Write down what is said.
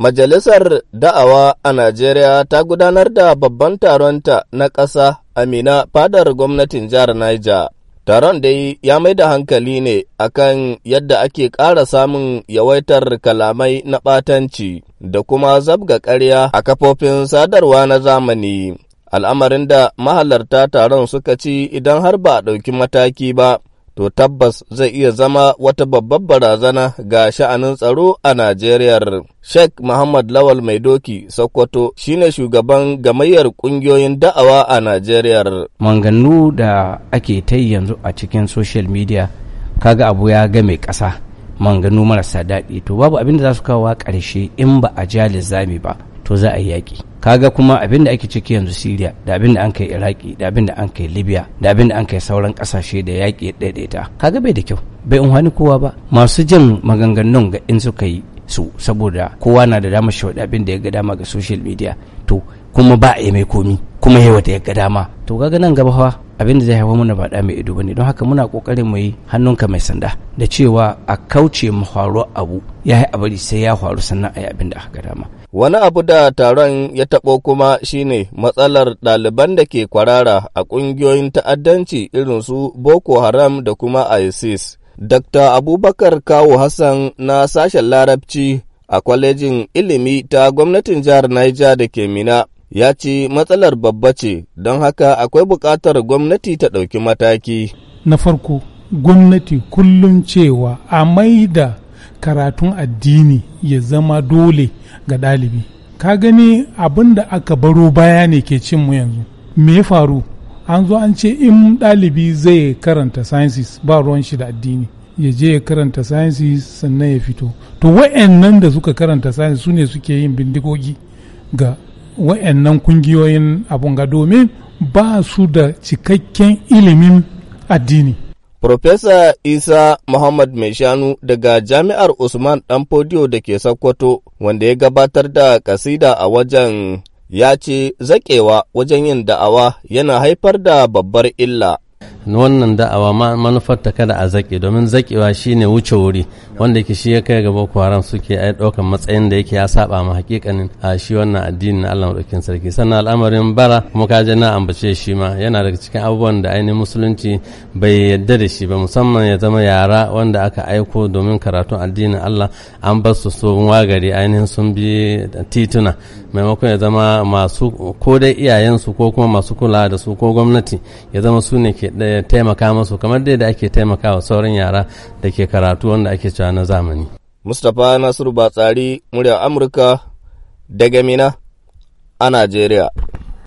Majalisar Da'awa a Najeriya ta gudanar da babban taronta na ƙasa Amina fadar gwamnatin jihar Naija. Taron dai ya mai da hankali ne akan yadda ake ƙara samun yawaitar kalamai na ɓatanci da kuma zabga ƙarya a kafofin sadarwa na zamani. Al'amarin da mahalarta taron suka ci idan har ba a ɗauki mataki ba, to tabbas zai iya zama wata babbar barazana ga sha'anin tsaro a Najeriya. Sheikh Muhammad Lawal Maidoki Sokoto shine shugaban gamayyar ƙungiyoyin da'awa a Najeriya. Manganu da ake ta yanzu a cikin social media kaga abu ya ga mai ƙasa. Manganu marasa daɗi to babu abin da za su kawo ƙarshe in ba a jali zami ba. to za a yi yaƙi kaga kuma abin da ake ciki yanzu Siriya da abin da an kai Iraki da abin da an kai Libya da abin da an kai sauran ƙasashe da yaƙi ya daidaita kaga bai da kyau bai in wani kowa ba masu jan maganganun ga in suka yi su saboda kowa na da damar shi abin da ya ga dama ga social media to kuma ba a yi mai komi kuma yi wata ya ga dama to kaga nan gaba fa abin da zai haifar mana ba da mai ido bane don haka muna kokarin mu yi hannunka mai sanda da cewa a kauce mu faru abu ya yi abari sai ya faru sannan a yi abin da aka dama wani abu da taron ya tabo kuma shine matsalar ɗaliban da ke kwarara a ƙungiyoyin ta'addanci irin su boko haram da kuma isis dr abubakar kawo hassan na sashen larabci a kwalejin ilimi ta gwamnatin jihar niger da ke mina ya ce matsalar babba ce don haka akwai buƙatar gwamnati ta ɗauki mataki. Na farko, gwamnati kullum cewa a da karatun addini ya zama dole ga ɗalibi. Ka gani abin da aka baro baya ne ke cin mu yanzu. Me ya faru? An zo an ce in ɗalibi zai karanta sciences ba ruwan shi da addini. ya je ya karanta sciences sannan ya fito. To wa'annan da suka karanta sciences su ne suke yin bindigogi ga wa'annan kungiyoyin abun ga domin ba su da cikakken ilimin addini. Profesa Isa Muhammad Mai daga Jami'ar Usman Danfodiyo da ke Sokoto wanda ya gabatar da kasida a wajen ya ce zaƙewa wajen yin da'awa yana haifar da babbar illa wannan da'awa manufar kada a zaƙe domin zaƙewa shine wuce wuri wanda yake shi ya kai ga boko haram suke ai ɗaukan matsayin da yake ya saba ma hakikanin a shi wannan addinin Allah madaukakin sarki sannan al'amarin bara kuma ka na ambace shi ma yana daga cikin abubuwan da ainihin musulunci bai yadda da shi ba musamman ya zama yara wanda aka aiko domin karatun addinin Allah an bar su sun wagari ainihin sun bi tituna maimakon ya zama masu ko dai iyayensu ko kuma masu kula da su ko gwamnati ya zama su ne ke taimaka masu kamar dai da ake taimakawa sauran yara da ke karatu wanda ake cewa na zamani. Mustapha Nasiru Batsari, muryar Amurka daga Mina a Najeriya.